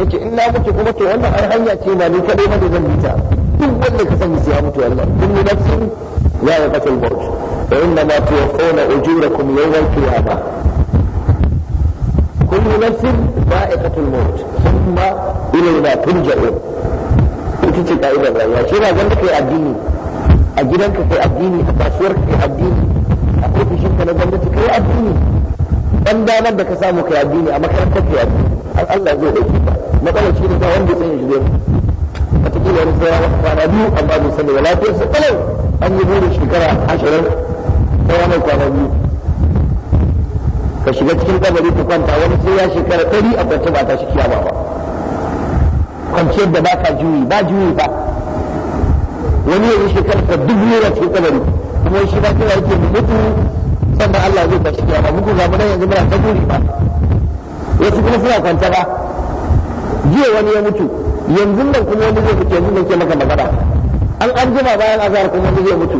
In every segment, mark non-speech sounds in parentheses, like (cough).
yace in na mutu kuma to wannan ar hanya ce ba ni kadai ba da zan yi ta duk wanda ka sani sai ya mutu Allah kullu nafsin ya ya qatal maut wa inna ma tuwaffawna ujurakum yawmal qiyamah kullu nafsin dha'iqatul maut thumma ilayna turja'un ita ce ka'idar rayuwa shi ba ganda kai addini a gidanka kai addini a kasuwar kai addini a ofishinka na gwamnati kai addini dan damar da ka samu kai addini a makarantar kai addini har Allah zai dauke ka matsalar cikin ta wanda sai shi zai wataƙila wani sai ya kwana biyu amma bai sani lafiyar su kalau an yi burin shekara ashirin ta wani kwana biyu ka shiga cikin kabari ka kwanta wani sai ya shekara ɗari a kwance ba ta shi kiyama ba kwanciyar da ba ka juyi ba juyi ba wani yanzu shekara ta dubu yana cikin kabari kuma shi ba kira yake mutu sannan Allah zai shi kiyama muku ga mu yanzu muna ta guri ba wasu kuma suna kwanta ba jiya wani ya mutu yanzu nan kuma wani zai fice yanzu nake maka magana an an jima bayan azhar kuma wani zai mutu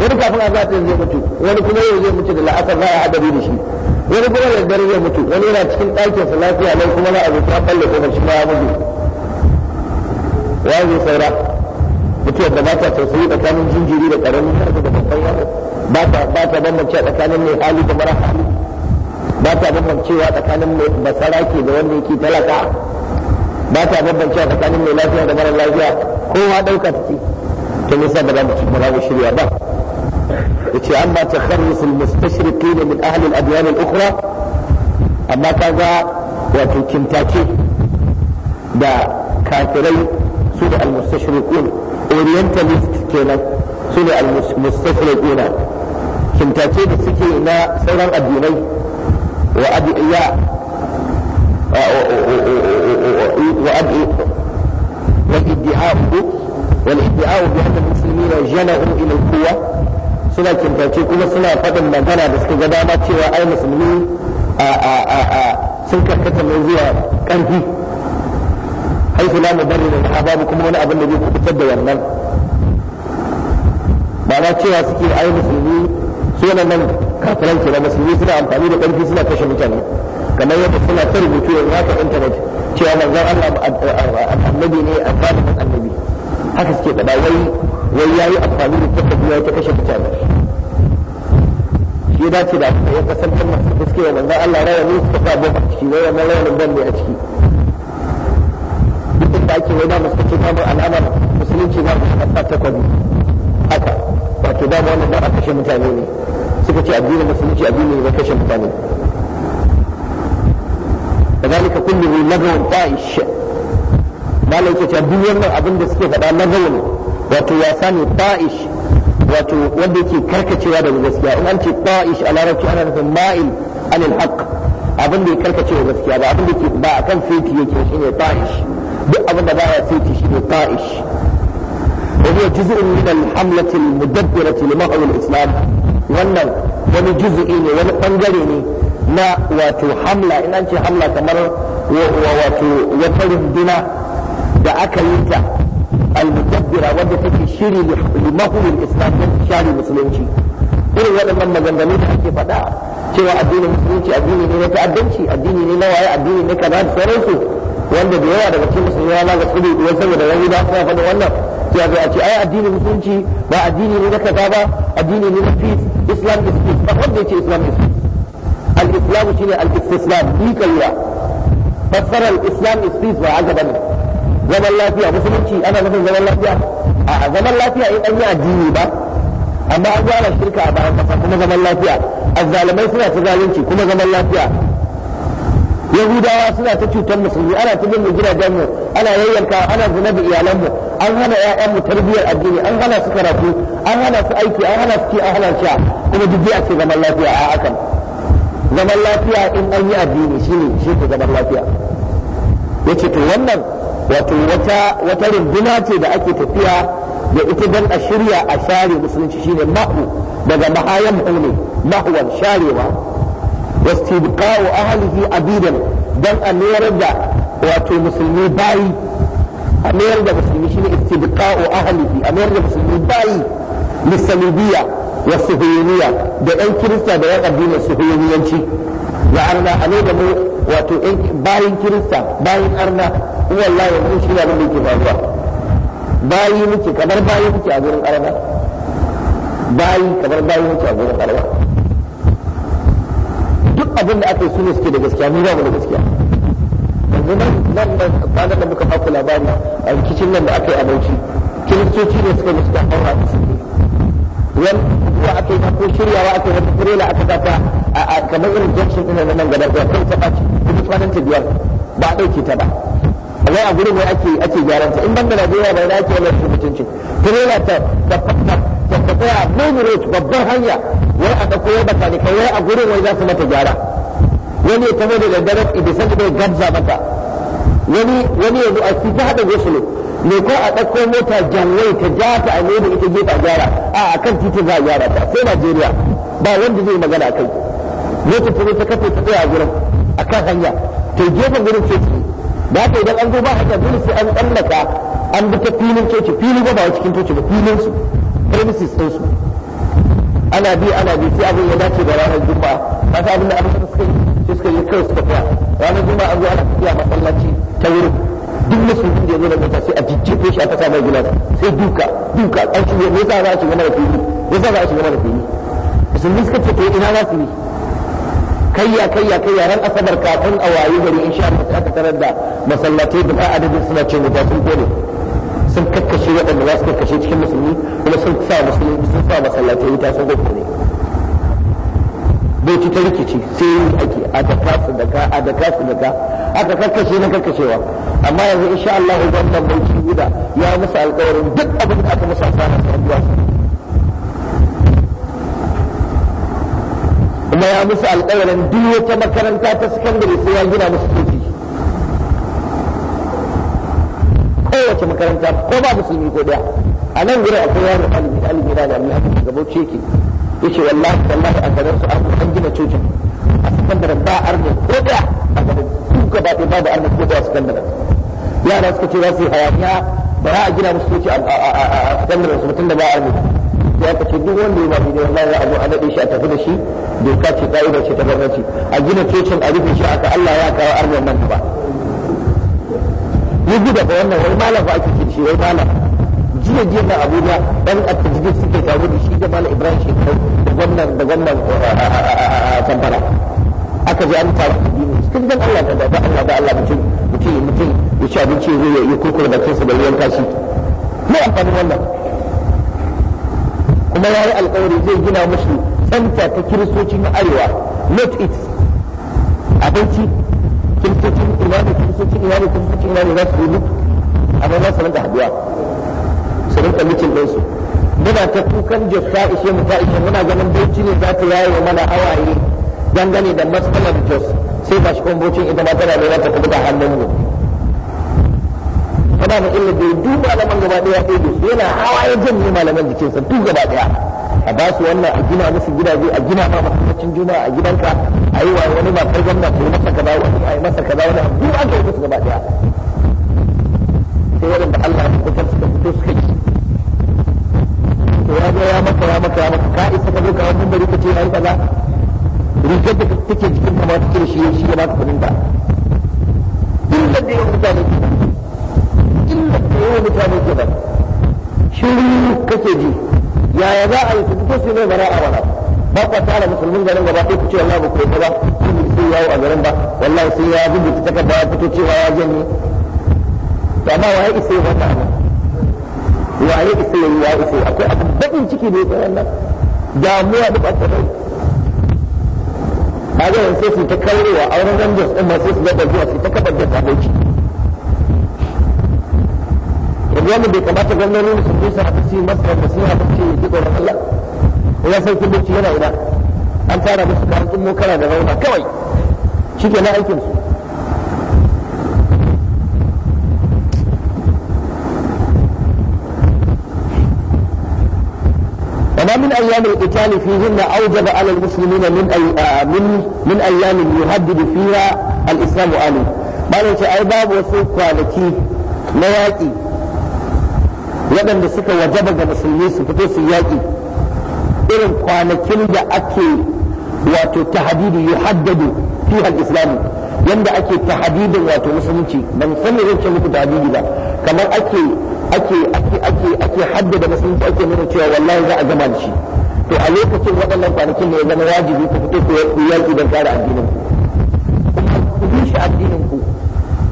wani kafin azhar zai mutu wani kuma yau zai mutu da la'asar za a hadari da shi wani kuma da dare zai mutu wani yana cikin ɗakin sa lafiya nan kuma za a zo ta balle ko shi ma ya mutu wani saura mutuwar da ba ta tausayi tsakanin jinjiri da ƙaramin yaro da babban yaro ba ta bambance tsakanin mai hali da mara hali ba ta bambancewa tsakanin mai ke da wanda yake talaka ba ta bambance tsakanin mai lafiya da mara lafiya kowa ɗauka take ta nisa ba za mu ba mu shirya ba yace amma takharrus al-mustashriqin min ahli al-adyan al-ukhra amma kaga wato kintace da kafirai su da al-mustashriqun orientalist kenan su ne al-mustashriquna kintace da suke na sauran addinai wa adiya والادعاء والادعاء بأن المسلمين جنأوا إلى القوة suna kintace kuma suna faɗin magana da suka ga dama cewa ai musulmi sun karkata mai zuwa ƙarfi haifu la mubarri da babu kuma wani abin da zai kubutar da wannan ba na cewa suke ai musulmi su nan kafiran ke suna amfani da ƙarfi suna kashe mutane kamar yadda suna ta rubutu yanzu haka intanet cewa manzon Allah annabi ne a sabon annabi haka suke faɗa wai wai yayi amfani da ta tafiya ta kashe mutane shi dace da ya kan masu fuske wa manzon Allah ne suka sa bomba ciki wai wannan rawanin ban ne a ciki duk da ake wai da musu ce kamar al'amar musulunci ba ta kafa takobi haka wato da wannan da aka kashe mutane ne suka ce addinin musulunci addini ne na kashe mutane وذلك كله لغو طائش ما لو تتبين أبن دسكي فدا لغو wato wasa ne ta'ish wato wanda yake karkacewa daga gaskiya in an ce ta'ish a larabci ana nufin ma'il anil haqq abin da ya karkacewa gaskiya ba abin da yake ba akan fiti yake shine ta'ish duk abin da baya fiti shine ta'ish wa huwa juz'un min al-hamlati al-mudabbirati islam wannan wani juz'i ne wani bangare ne na wato hamla in an ce hamla kamar wato wata runduna da aka yi ta al-mutaddira wadda take shiri limahumin islam don share musulunci irin waɗannan maganganu da ake faɗa cewa addinin musulunci addini ne na ta'addanci addini ne na waye addini ne kaza da sauransu wanda da yawa daga cikin musulmi ya ga tsiri wasu saboda wani da suna faɗa wannan sai ga a ce ai addinin musulunci ba addini ne na kaza ba addini ne na peace islam is peace ba wanda ya ce islam is peace al-islam shine al-istislam bi kaiwa fassarar islam is peace ba haka bane zaman lafiya musulunci ana nufin zaman lafiya a zaman lafiya in an yi addini ba amma an gyara shirka a bayan kasa kuma zaman lafiya azzalimai suna ta zalunci kuma zaman lafiya yahudawa suna ta cutar musulmi ana ta bin gidajen mu ana yayyanka ana zina da iyalan mu an hana ƴaƴan mu tarbiyyar addini an hana su karatu an hana su aiki an hana su ci an hana kuma duk a ke zaman lafiya a hakan zaman lafiya in an yi addini shine shi ke zaman lafiya yace to wannan wato wata wata ce da ake tafiya da ita dan a shirya a share musulunci shine mahu daga mahayan ne mahwan sharewa wastibqa'u ahlihi abidan dan a mayar da wato musulmi bayi a mayar da musulmi shine istibqa'u ahlihi a mayar da musulmi bayi lisalubiya wa suhuyuniya da ɗan kirista da yan addinin suhuyuniyanci da arna a ne da mu wato bayan kirista bayan arna wallahi yanzu shi ne abin da yake faruwa muke kamar bayi muke a gurin arna bayi kamar bayi muke a duk abin da aka yi sune suke da gaskiya mu ba mu da gaskiya yanzu nan nan nan da muka baku labari a rikicin nan da aka yi a kiristoci ne suka musu da haura su wani kuwa aka yi ko shiryawa aka yi trailer aka saka kamar irin junction ina na nan gabar ɗaya kai ta ɓaci kuma kwanan ta biyar ba a ɗauke ta ba amma a gurin ne ake ake gyaran ta in ban da Najeriya bai ake yi wani mutunci trailer ta ta ta tsaya main road babbar hanya wai a ɗauko wai ne kawai a gurin wai za su mata gyara wani ya tabo da daddare idan sai da gabza mata wani wani yanzu a fita haɗa gosulo me ko a ɗauko mota janwai ta ja ta a da ita gefe gyara a akan titin za a gyara ta sai Najeriya ba wanda zai magana a kai mota ta ta kafe ta tsaya a gurin a kan hanya to gefen gurin coci ba ta idan an zo ba haka dole sai an tsallaka an bi ta filin coci filin ba ba cikin coci ba filin su premises ɗin su ana bi ana bi sai abin ya dace da ranar juma'a ba ta abin da abin da suka yi suka yi kawai suka ranar juma'a an zo ana tafiya masallaci ta wurin duk musulmi da ya zo na sai a jijjefe shi a kasa mai gilas sai duka duka an shi ne za a shiga mana fili ne za a shiga mana fili musulmi suka ce to ina za su yi kayya kayya kayya ran asabar kafin a wayi gari insha Allah sai aka tarar da masallatai da adadin suna cin wuta sun kone sun kakkashe waɗanda za su kakkashe cikin musulmi kuma sun sa musulmi sun sa masallatai wuta sun kone bauchi ta rikici sai yi ake a da kasu da ka a da kasu da ka aka karkashe na karkashewa amma yanzu insha Allah wannan ci guda ya musu alƙawarin duk abin da aka musu amfana ta biya su kuma ya musu alƙawarin duk wata makaranta ta sakandare sai ya gina musu kofi kowace makaranta ko ba musulmi ko daya a nan gurin akwai yaro ɗalibi ɗalibi na da mai haka gabo ce ke yace wallahi wallahi a garin su an gina cocin a sakandare ba arna ko daya a garin su gaba ɗaya babu arna ko daya a sakandare yara suka ce za su yi hayaniya ba za a gina musu coci a sakandare su mutum da ba arna ya ka ce duk wanda ya mafi da wallahi a zo a daɗe shi a tafi da shi doka ce ka'ida ce ta gwamnati a gina cocin a rufe shi aka Allah ya kawo arna nan ba. Yi gida ga wannan wai malam ba ake kirshi wai malam jiya jiya na abuja dan a tajjid suke taro da shi da malam ibrahim shekaru da gwamnan da gwamnan tambara uh, uh, uh, aka ji an fara da dini cikin dan allah da ba allah da allah mutum mutum mutum ya ci abinci ya yi kurkur da kansa da ruwan kashi mai amfani wannan kuma ya yi alkawari zai gina mashi santa ta kiristoci na arewa not it abinci kiristocin imani kiristocin imani kiristocin imani za su yi amma za su ranta haduwa su rinka mikin su muna ta kukan jos ishe mu muna ganin bauchi ne za ta yaye mana hawaye dangane da matsalar jos sai ba shi kwambocin ita ma tana nema ta kuma da hannun mu ana mu illa da duk malaman gaba daya ko da yana hawaye janye malaman jikinsa duk gaba daya a ba su wannan a gina musu gidaje a gina ma masallacin juma'a a gidanka a yi wa wani ba kai ko masa kaza wani a yi masa kaza wani duk an ga su gaba daya sai waɗanda Allah ya kusantar suka fito suka yi to ya zo ya maka ya maka ya maka ka isa zo ka wannan bari ka ce ai kaza rigar da take jikin ka ma take shi shi ya baka kudin ka illa da yawan mutane ke illa da yawan mutane ke ba shiru kake ji yaya za a yi su fito su ne bara a bana ba ka tara musulmin garin gaba ɗaya ku ce wallahi ba ku yi ba sun yawo a garin ba wallahi sai ya rubuta takarda ya fito cewa ya janye amma wa ya isa ya bata abin wa ne isa yayi ya isa akwai abu bakin ciki ne kai wannan damuwa da ɓata rai ba zai sai su ta kaurewa a wurin rangers ɗin masu su gaba zuwa su ta kabar da taboci yanzu bai kamata gwamnati su kusa a fasi masa da su yi abinci ya ji tsoron Allah ya sai kibinci yana ina an fara musu karatun mokara da rauna kawai shi ke na aikinsu فما من أيام القتال فيهن أوجب على المسلمين من أي من من أيام يهدد فيها الإسلام آله ما لنش أي باب وسوق كوالكي نواكي waɗanda suka wajaba ga musulmi su fito su yaƙi irin kwanakin da ake wato tahdidi yuhaddadu fi al-islamu yadda ake tahdidin wato musulunci ban san me zan ce muku tahdidi ba kamar ake ake ake ake ake haddada musulunci ake nuna cewa wallahi za a gama da shi to a lokacin waɗannan kwanakin ne ya zama wajibi ku fito ku yi yaƙi don kare addinin ku kuma ku bi shi addinin ku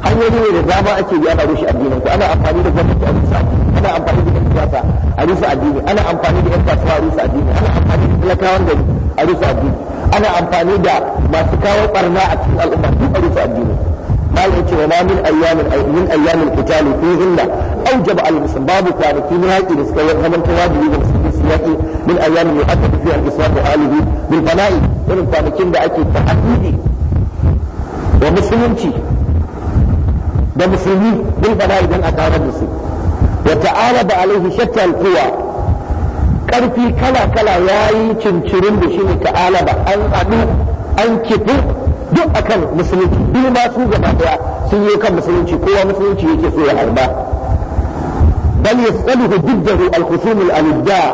hanyoyi ne da dama ake yi ana rushe addinin ku ana amfani da gwamnati a rusa ana amfani da yan siyasa a rusa addini ana amfani da yan kasuwa a rusa addini ana amfani da talakawan gari a rusa addini ana amfani da masu kawo barna a cikin al'umma duk a rusa addini malam ce wa ma min ayyamin min ayyamin qitali fihinna awjaba al muslim babu kwanaki na haƙi da suka yi zaman ta wajibi da musulmi su yaki min ayyamin aka fiha al islam da alihi bil bala'i irin kwanakin da ake ta'addidi wa musulunci da musulmi bil bala'i dan a tare da su wa ta'arada alaihi shatta al-quwa karfi kala kala yayi cincirin da shi ne ta'alaba an adu an kifi duk akan musulunci bil ma su gaba daya sun yi kan musulunci kowa musulunci yake so ya harba بل يسأله ضده الخصوم الألداء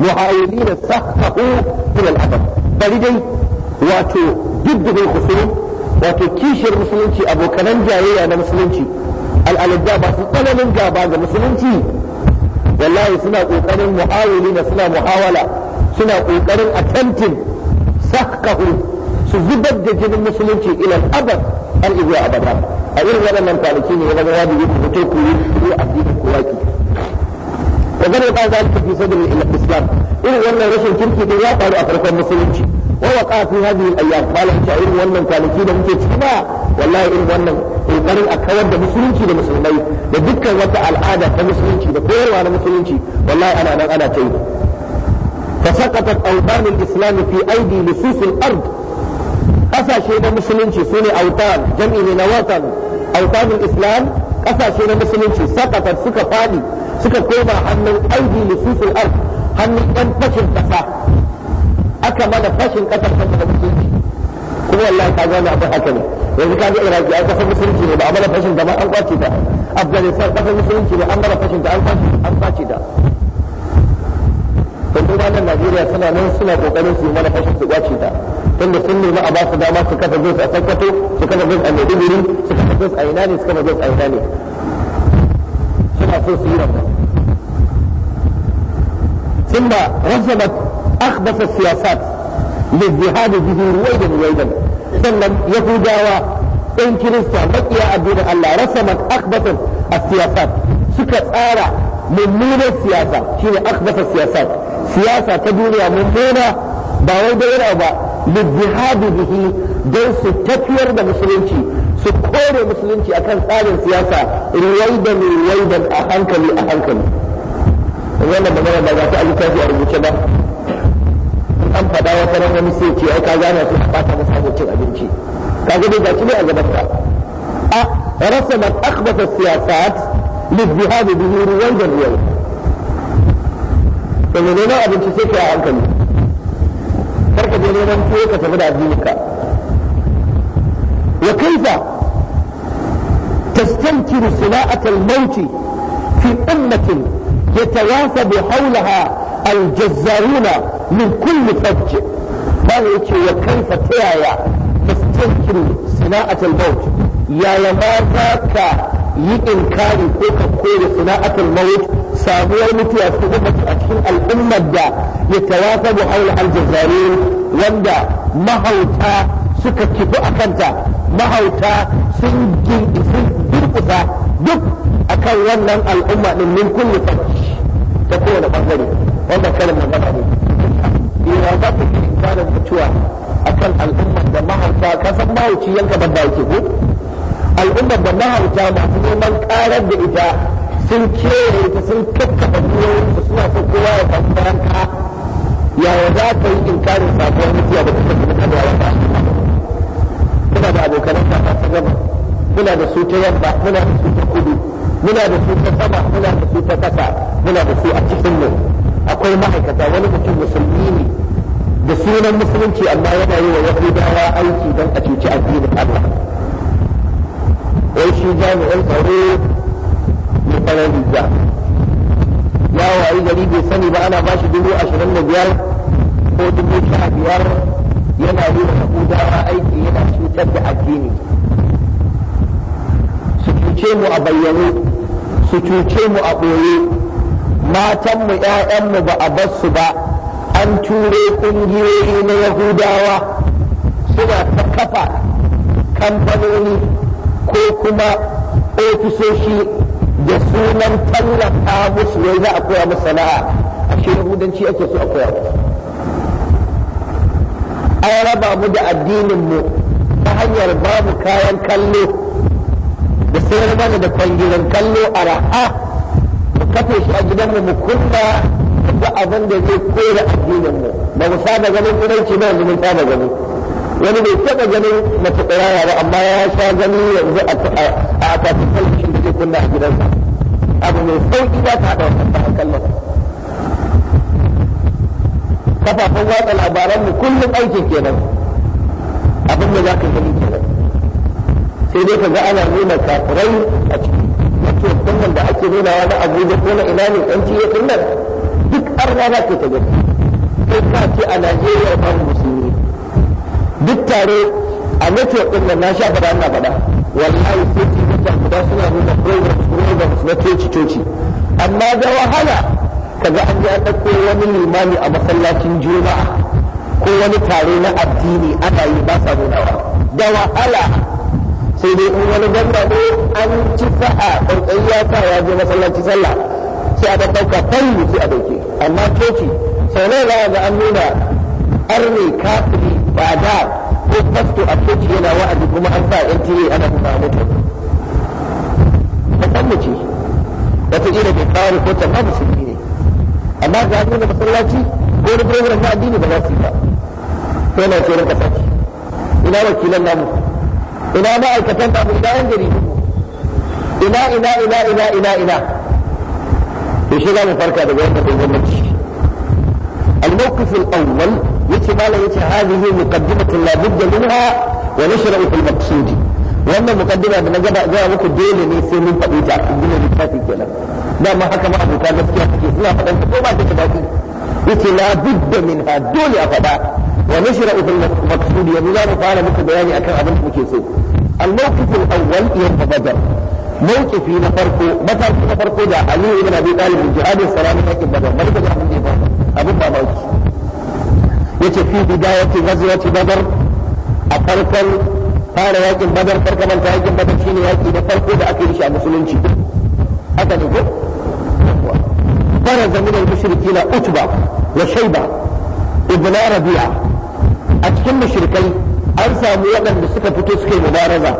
محاولين سخطه إلى الأبد بل دي واتو ضده الخصوم wato kishiyar musulunci abokanan jayayya na musulunci al'adda ba su tsananin gaba ga musulunci wallahi suna ƙoƙarin mu'awili suna muhawala suna ƙoƙarin attempting sakahu su zubar da jinin musulunci ilal abad an iya abada a irin waɗannan kwanaki ne ya zama wajibi ku fito koyi yi addinin ku وقد وقع ذلك في صدر الإسلام إذا وانا رشل كنت في الواقع لأفرق المسلمين ووقع في هذه الأيام قال إن شاء الله وانا كالكين ممكن تشبع والله إن وانا kokarin a kawar da musulunci da musulmai da dukkan wata al'ada ta musulunci da koyarwa na musulunci wallahi ana nan ana ta yi فسقطت أوطان الإسلام في أيدي لصوص الأرض قفا شيء مسلمش سوني أوطان جمعي وطن أوطان الإسلام قفا شيء مسلمش سقطت سكا فاني suka koma hannun aidi lususul ard hannun ɗan fashin ƙasa aka mana fashin ƙasar saboda musulunci kuma wallahi ka gane abin haka ne yanzu ka ga iraki an kasar musulunci ne ba a mana fashin da ma an kwace ta afghanistan kasar musulunci ne an mana fashin da an kwace ta don kuma nan najeriya suna nan suna kokarin su mana fashin su kwace ta tunda sun nemi a ba su dama su kafa zai a sakkwato su kafa zai a maiduguri su kafa zai a ina ne su kafa zai a ina ne الخوف في ربنا ثم رسمت أخبث السياسات للذهاب به رويدا رويدا سلم يهودا وإن كريستا بقي أبينا الله رسمت أخبث السياسات سكت آلة من مين السياسة شنو أخبث السياسات سياسة تدوني من مين باوي بيرا للذهاب به دوس التكوير بمسلمتي su kore musulunci akan tsarin siyasa ruwaidan ruwaidan a hankali a hankali wannan magana ba za ta a littafi a rubuce ba an faɗa wata ran wani sai ce ai gane su ba ta masa abokin abinci ka ga dai gaci ne a gaban ka a rasa man akhbata siyasat للذهاب به رويدا رويدا da mai neman abinci sai ka yi hankali kar ka je neman tuwo ka tafi da addininka wa kaifa تستنكر صناعة الموت في أمة يتوافى حولها الجزارون من كل فج قال وكيف تيايا تستنكر صناعة الموت يا لما ذاك يإنكار فوق صناعة الموت سابوا المتى أسببة أكين الأمة دا يتوافى بحولها الجزارون وندا ما هو تا كيف أكنتا ما هو سنجي kusa duk akan wannan al'umma din min kulli fadli ta kowane bangare wanda kalin magana ne ina za ta ke misalin mutuwa akan al'ummar da maharta ka san mahauci yanka banda yake ko al'ummar da maharta masu neman karar da ita sun kewaye ta sun kakkafa duniyoyin wata suna son kowa ya samu baranka yaya za ka yi inkarin sabuwar mutuwa da kuka kuma kada wata kuna da abokan ta ta gaba muna da su ta yamma muna da su ta kudu muna da su ta sama muna da su ta kasa muna da su a cikin mu akwai ma'aikata wani mutum musulmi ne da sunan musulunci amma yana yi wa dawa aiki don a cuci addinin Allah wai shi jami'an tsaro mai farar riga ya wayi gari bai sani ba ana ba shi dubu ashirin da biyar ko dubu sha biyar yana yi wa aiki yana cutar da addini cuce mu a bayyane su cuce mu a ɓoye matanmu ‘ya'yanmu ba a bar su ba an ture ƙungiyoyi na yahudawa suna ta kafa kamfanoni ko kuma ofisoshi da sunan tallafa musu wai za a koya musu sana'a a shi yahudanci ake so a koya an raba mu da addininmu ta hanyar babu kayan kallo da sayar mana da kwangiran kallo a ra'a mu kafe shi a gidanmu mu kunna da abin da zai kore addinin mu ba mu saba ganin kudanci ba mu saba gani wani bai taba ganin mace tsirara ba amma ya sha gani yanzu a akwatin talabijin da zai kunna a gidansa abu mai sauki za ta haɗa wannan kallon kafafen watsa labaran mu kullum aikin kenan abin da za ka gani sai dai ka ga ana nuna kafirai a ciki wato sunan da ake nuna wani abu da kuma ina ne yanci ya kullum duk arna na ke ta gani kai ka ce a Najeriya babu musulmi duk tare a network din nan na sha faɗa ana faɗa wallahi sai ki ga guda suna nuna program program na toci toci amma da wahala kaga an ji an wani limami a masallacin juma'a ko wani tare na addini ana yi ba sa nunawa da wahala sai dai in wani gamba ne an ci sa'a ƙarƙari ya sa ya je masallaci sallah sai a ɗauka fanni sai a ɗauke amma coci sau nawa za a ga an nuna arni kafiri ba da ko fasto a coci yana wa'azi kuma an sa yan tire ana kuma mutu mutum ce wata ƙila bai kawo ko ta ma musulmi ne amma ga an nuna masallaci ko wani program na addini ba za su yi ba sai na ce na ƙasa ina wakilan namu ina ma'aikatan babu ina yan jaridu ina ina ina ina ina ina to shi za mu farka daga wannan gwamnati الموقف الأول يتي ما يتي هذه مقدمة لا بد منها ونشرع في المقصود وأن مقدمة من جبا جاء وكو ديل ني سي من فديتا الدنيا بتاتي كده ده ما حكى ما أبو كان نفسي أحكي سنة فدن تقوم أنت تباكي يتي لا بد منها دول أفدا wa nashra fil maqsud yanzu za mu fara muku bayani akan abin ke muke so al-mawqif al-awwal yawm badr mawqifi farko mataki farko da Ali ibn Abi Talib jihadin salamu yake badr bari ka abin da ya abin ba baki yace fi bidayati a farkon fara yakin badar farka manta yakin badar shine yaki farko da a musulunci فرز من المشركين أتبة وشيبة ابن ربيعة a cikin mashirkai an samu waɗanda suka fito yi mubaraza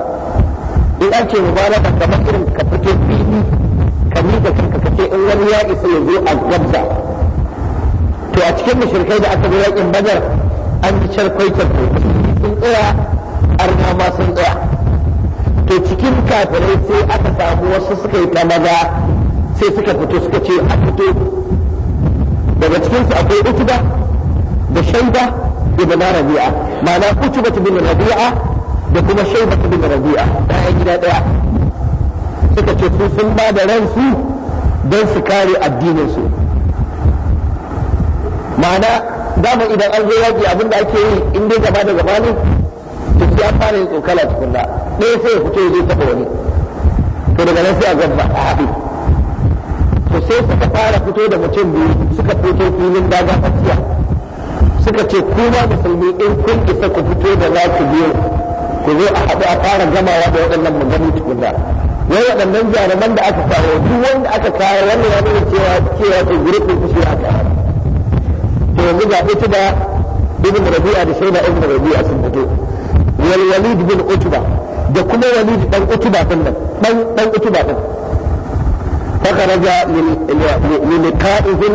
in an ce mubaraza kamar irin ka fito fili ka miƙa kanka ka ce in wani ya isa ya zo a gabza to a cikin mashirkai da aka zo yaƙin badar an yi charkwai charkwai sun tsaya arna ma sun tsaya to cikin kafirai sai aka samu wasu suka yi ta maza sai suka fito suka ce a fito daga cikinsu akwai utuba da shaida ibn rabi'a ma'ana utubatu bin rabi'a da kuma shaybatu bin rabi'a bayan gida daya suka ce su sun ba da ransu don su kare addinin su ma'ana dama idan an zo yaƙi abin da ake yi in dai gaba da gaba ne to sai an fara yin tsokala tukunna ɗaya sai ya fito zai je taɓa wani to daga nan sai a gaba a haɗu to sai suka fara fito da mutum biyu suka fito filin daga tsakiya suka ce kuma musulmi in kun isa ku fito da za ku biyo ku zo a haɗu a fara gamawa da waɗannan magani da wai waɗannan jaruman da aka kawo duk wanda aka kawo wannan ya nuna cewa cewa to gurbin ku shi aka to yanzu ga ita da ibn rabi'a da shaida ibn rabi'a sun fito wal walid bin utba da kuma walid dan utba din nan dan dan utba din fakaraja lil liqa'ihim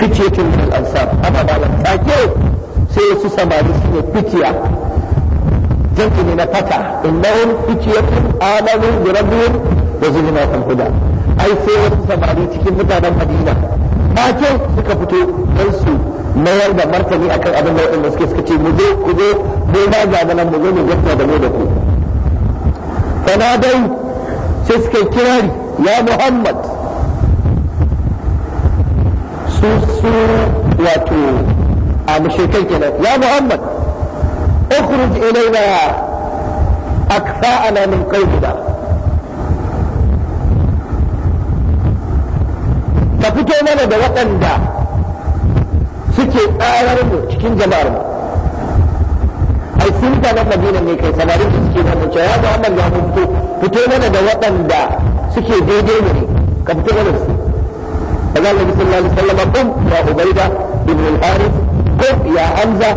fikiyatin tun al amma ba lan sai wasu samari su ne fikiya jinki ne na fata innahum fikiyatun amanu bi rabbihim wa zulumatul huda ai sai wasu samari cikin mutanen Madina bakin suka fito don su mayar da martani akan abin da waɗanda suke suka ce mu zo ku zo ma ga nan mu zo mu gaskata da mu da ku dai sai kirari ya Muhammad su wato a mushrikai kenan ya muhammad اخرج إلينا أكفاءنا من قومنا ka fito mana da waɗanda suke ƙarar mu cikin jama'ar mu ai sun ta nan madina ne kai samarin da suke da cewa, ya Muhammad ya fito fito mana da waɗanda suke daidai ne ka fito mana su فقال النبي صلى الله عليه وسلم قم يا عبيدة بن الحارث قم يا حمزة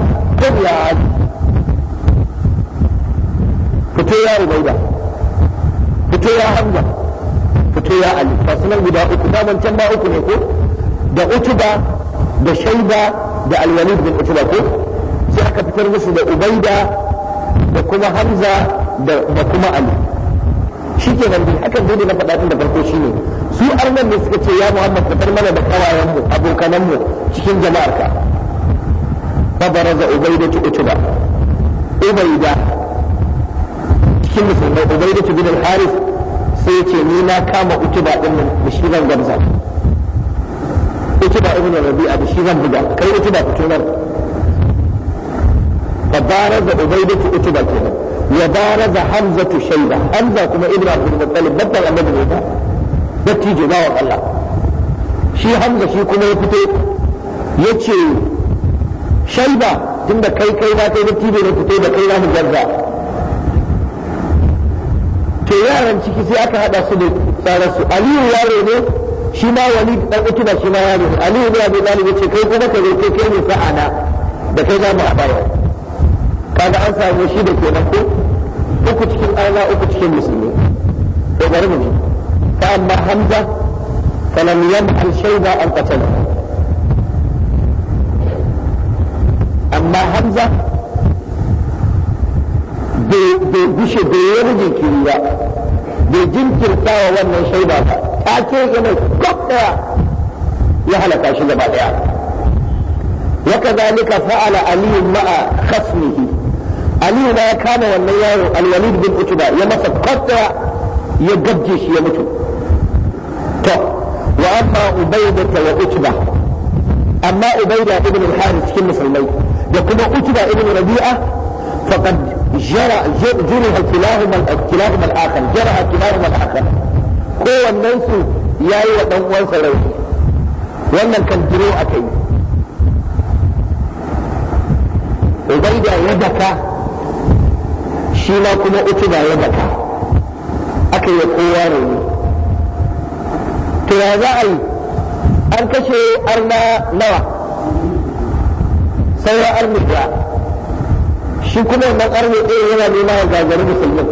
قم يا عز قلت يا عبيدة قلت يا حمزة قلت يا علي فصل البداء كتابا تنبا أكن يقول دا أتبا دا شيبا دا الوليد بن أتبا كتب سيحكى فتر دا عبيدة دا كما حمزة دا, كما علي شيكي غنبي حكا دوني نفقاتي دا فرقوشيني su arnan ne suka ce ya muhammad ka mana da kawayenmu abokananmu cikin jama'arka fabaraza ubaida ta utuba ubaida cikin musulmai ubaida ta bin al-haris sai ce ni na kama utuba din da shi zan gamsa utuba ibn rabi'a da shi zan buga kai utuba fito nan fabaraza da ta utuba kenan ya baraza hamzatu shaiba hamza kuma ibn abdul muttalib babban annabi ne ba dattijo bawan Allah shi hamza shi kuma ya fito ya ce shaiba tunda kai kai ba kai dattijo na fito da kai ramin garza to yaran ciki sai aka hada su da su. aliyu yaro ne shi ma wani dan da shi ma yaro ne aliyu ne abu dalibi ce kai kuma ka zo kai kai ne ana da kai za mu haɗa yau kaga an samu shi da kenan ko uku cikin ana uku cikin musulmi to bari mu ne فأما حمزة فلم ينحل شيبة أن قتله أما حمزة بي بيش بيور دي كيريا بي جن كيرتا وانا شيبة تاكي انا قطع يحلق عشان بعد وكذلك فعل علي مع خصمه علي ما كان والنيار الوليد بن أتبا يمسك قطع ya gabje shi ya mutu to wa amma ubayda wa utba amma ubayda ibn al-harith cikin musulmai da kuma utba ibn rabi'a faqad jara juriha kilahuma kilahuma al-akhar jara kilahuma al-akhar kowannen su yayi wa dan uwansa rauni wannan kan duro akai ubayda ya daka shi ma kuma utba ya daka aka yi kowa ne, to ya za a yi an kashe arna nawa sauran arna ya shi kuma wannan arna ɗaya yana nema ya gagari musulmin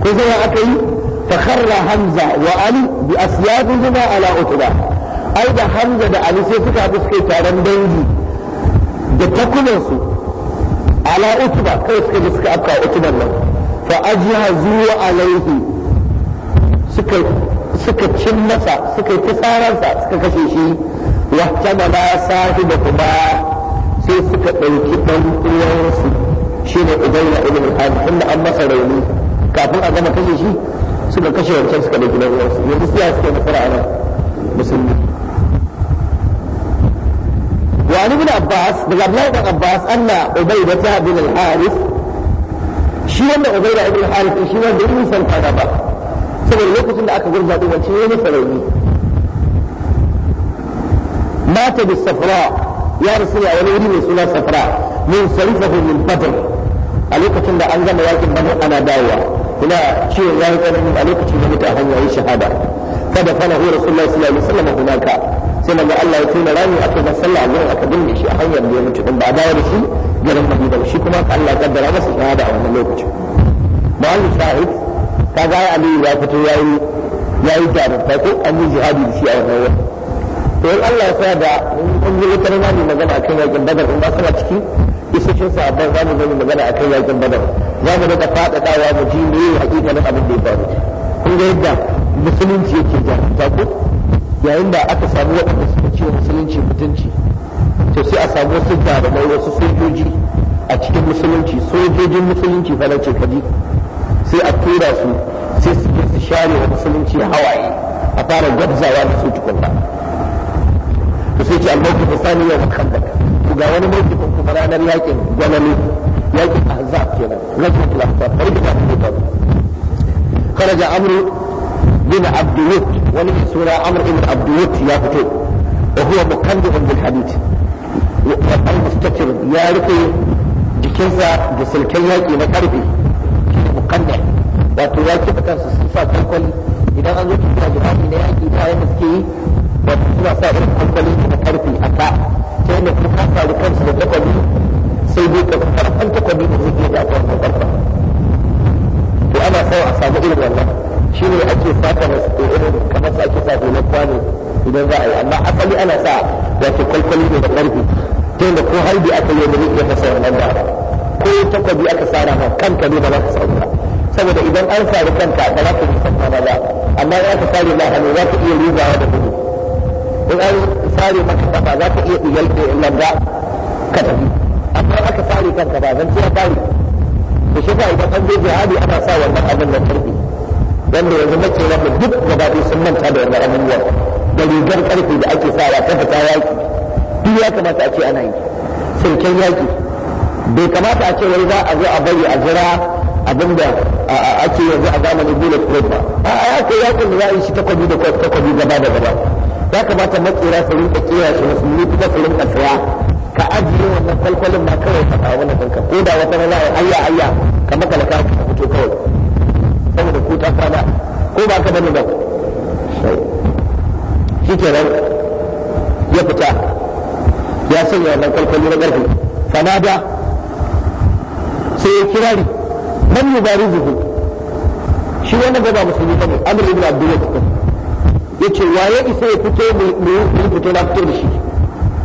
ko zai aka yi fakarra hamza wa ali bi zuma ala utuba ai da hamza da ali sai suka haɗu suka yi taron dangi da takunansu ala utuba kai suka ji suka afka utuban nan fa ajhazu alaihi suka suka cin masa suka ta tsaransa suka kashe shi wa tamala sahiba kuma sai suka ɗauki ɗan uwansu shine ubayna ibn al-hazm inda an masa rauni kafin a gama kashe shi suka kashe wancan suka ɗauki ɗan a nan وعن ابن عباس بن عبد عباس ان عبيده بن الحارث shi wanda ubaida ibn harith shi wanda bai san fada ba saboda lokacin da aka gurza din wace ne masa mata bis safra ya rasul ya wani wuri mai suna safra min sarifahu min badr a lokacin da an gama yakin badr ana dawowa ina ciwon yi karfi a lokacin da mutu a hanya yi shahada kada fana hu rasulullahi sallallahu alaihi wasallam hunaka sai daga Allah ya tona rami aka ga sallah gurin aka binne shi a hanyar da ya mutu din ba a dawo da shi garin Madina ba shi kuma ka Allah ya kaddara masa shahada a wannan lokacin ma'al shahid ka ga Ali ya fito yayi yayi jarumta ko an yi jihadi da shi a wannan wani to in Allah ya sa da an yi wutar na ne magana akan yakin badar in ba sama ciki isashin sahabban za mu zama magana akan yakin badar za mu daga faɗaɗawa mu ji ne hakikalin abin da ya faru kun ga yadda musulunci yake jarumta ko yayin da aka samu waɗanda suka ce musulunci mutunci to sai a samu wasu jarumai wasu sojoji a cikin musulunci sojojin musulunci fa ce kaji sai a tura su sai su je su share wa musulunci hawaye a fara gwabzawa da su tukunna to sai ce ta sani yau kan da ku ga wani mawqifin kuma ranar yakin gwanani yakin ahzab kenan yakin al-ahzab bai da ta faru خرج ga amru bin الود wani suna amr ibn abdullut ya fito wa huwa mukallibun bil hadith wa al mustatir ya rufe jikinsa da silken yaki na karfe mukalla wato ya kifa kansa sun sa kankwali idan an zo da jihadi na yaki ta yi suke yi su suna sa irin kankwali na karfe a ka ta yadda kuma ka faru kansu da takwali sai dai ka karfan takwali da zai iya da akwai karfa to ana so a samu irin wannan shi ne ake fata masu ko irin kamar ake sa na kwano idan za a yi amma asali ana sa wato kwalkwali ne da ƙarfi ta yadda ko harbi aka yi wani ya fasa wannan ba. ko takwabi aka sara ma kanka ne ba za ka samu ba saboda idan an sari kanka ba za ka ji kanka ba ba amma ya ka sare ma hannu za ka iya rizawa da gudu in an sare maka kafa za ka iya ɗigal in illan da ka tafi amma aka sare kanka ba zan ce ya sare da shi ka idan an je jihadi ana sa wannan abin da ƙarfi wanda yanzu mace wanda duk gaba ɗaya sun manta da wannan abubuwa da rigar karfe da ake sawa ta fita yaƙi duk ya kamata a ce ana yi sirken yaƙi bai kamata a ce wai za a zo a bari a jira abinda ake yanzu a zamanin bullet proof ba a ya ka yaƙin da za a yi shi takwabi da takwabi gaba da gaba ya kamata makera su rinka kera su musulmi kuma su rinka tsaya ka ajiye wannan kwalkwalin ma kawai ka kawo wannan kanka ko da wata rana ayya ayya kamar ka ka fito kawai saboda ku ta kwana ko ba ka bane ba shi kenan ya fita ya sanya wannan kwalkwali na ƙarfi fanada sai ya kirari man yi bari yubarizuhu shi wannan ba musulmi bane amr ibn abdullah tukun yace waye isa ya fito mu fito na fito da shi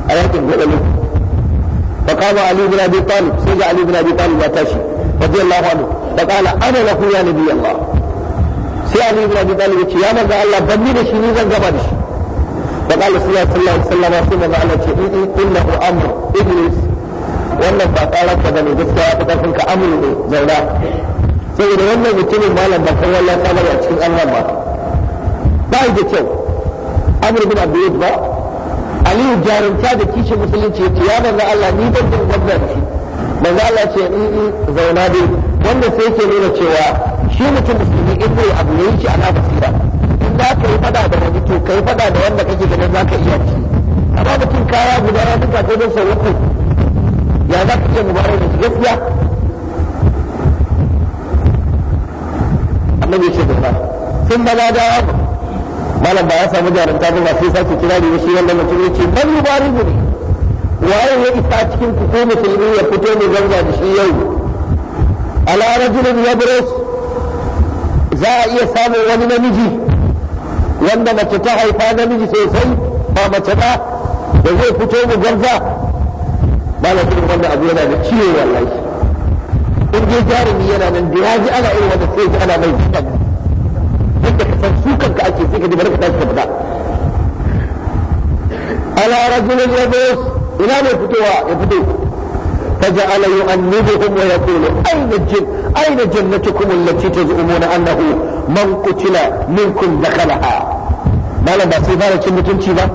a yakin gwadalin fa kama ali ibn abi talib sai ga ali ibn abi talib ya tashi radiyallahu anhu فقال أنا له يا نبي الله سيعني ابن أبي طالب يا من الله بني شي ني زن غبا دشي فقال صلى الله عليه وسلم ثم قال إنه أمر iblis, wannan ba tsarar ka bane gaskiya ta karfin ka amuru ne zauna saboda wannan mutumin malam ba kan wallan samar a cikin annan ba ba da kyau amur bin abdul ba aliyu jarumta da kishin musulunci ya ce ya manzo Allah ni ban da manzo Allah ce in mm, mm, zauna dai wanda sai yake nuna cewa shi mutum musulmi in bai abu ne yake ana basira in za ka yi fada da wani to ka yi fada da wanda kake ganin za ka iya ci amma mutum kaya guda ya duka ko don sau uku ya za ka mu mubarak da shi gaskiya Amma ya ce da sun bala dawa malam ba ya samu jarumta ba sai sake kira da shi wanda mutum ya ce man yubariku ne waye ya isa cikin ku ko musulmi ya fito mu zanga da shi yau ala rajulin ya za a iya samun wani namiji wanda mace ta haifa namiji sosai ba mace ba da zai fito mu garza ba na cikin wanda abu yana da ciwo wallahi in dai jarumi yana nan da ya ana irin wanda sai ji ana mai jikan duk da kasan su kanka ake sai ka ji bari ka tashi ka fita ala rajulin yadrus ina ne fitowa ya فجعل يؤنبهم ويقول أين الجن أين جنتكم التي تزعمون أنه من قتل منكم دخلها ما لما سيفارة كمتنشي با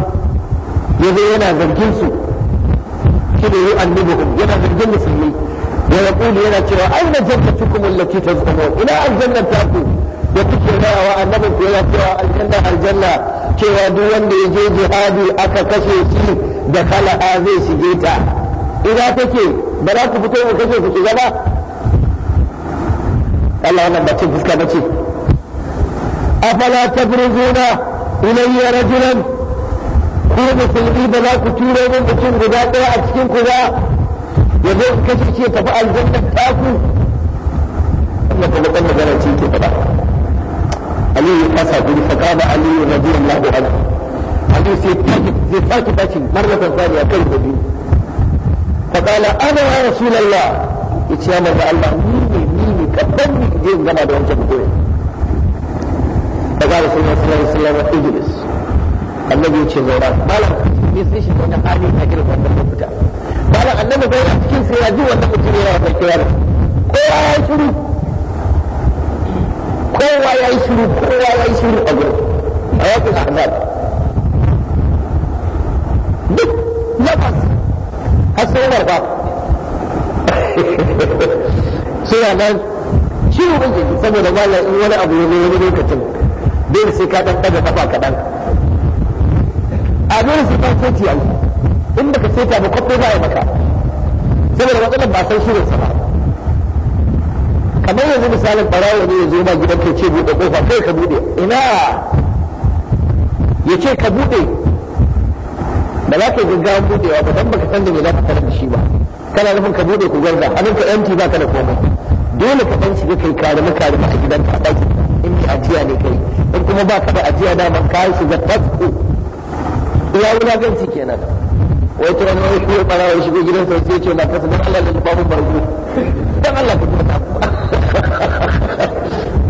يذي ينا الجنس كده يؤنبهم ينا الجنس لي ويقول ينا ترى أين جنتكم التي تزعمون إلى الجنة تأكل يقول يا وأنبهم ويا ترى الجنة الجنة cewa duk wanda ya je jihadi aka kashe shi da fala'a zai shige ta ina take ba za ku fito ku kashe ku shiga ba Allah wannan bacin fuska bace afala tabruzuna ilayya rajulan ku musulmi ba za ku turo min mutum guda ɗaya a cikin ku ba ya zo kashe shi tafi aljannar taku wannan kuma kan magana ce ke faɗa aliyu ya kasa gudu fa kama aliyu radiyallahu anhu aliyu sai taki zai taki taki marratan sani a kai da biyu fa kala ana ya rasulullah yace ya manzo Allah ni ne ni ne ka ban ni je in gama da wancan mutumin fa kala sallallahu alaihi wasallam ijlis annabi yace zauna malam ni sai shi wannan hali a irin wannan malam annabi bai a cikin sai ya ji wannan yana da kiyar ko kowa ya yi shiru kowa ya yi shiru a gurin a yakin ahzab duk nafas a saurar ba suna (laughs) nan shiru ne ke saboda mala in wani abu ne wani lokacin dole sai ka dan daga kafa kaɗan a dole sai ka ce ciyayi in baka seta ta ba kwafe ba ya maka saboda matsalar ba san shirin sa ba kamar yanzu misalin barawo ne ya zo ba gidan ka ce buɗe kofa kai ka buɗe ina ya ce ka buɗe ba za ka gaggawa buɗewa ba dan baka san da me za ka da shi ba kana nufin ka buɗe ku garga hannun ka yanci ba ka da komai dole ka ɗan shiga kai karimi karimi a gidan ka ɗaki in ki ajiya ne kai in kuma ba ka da ajiya da man kayan shiga fasku iya wulaganci kenan wai turan wani shi ya ɓarawa shigo gidan sa sai ya ce na kasa don Allah da babu bargo (laughs) dan Allah ka kuma ta.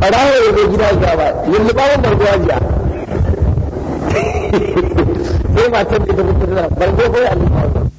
barawa ya zo gida ga ba lulluɓa wa ruwa jiya sai matar da ta mutu tana bargo bai a lulluɓa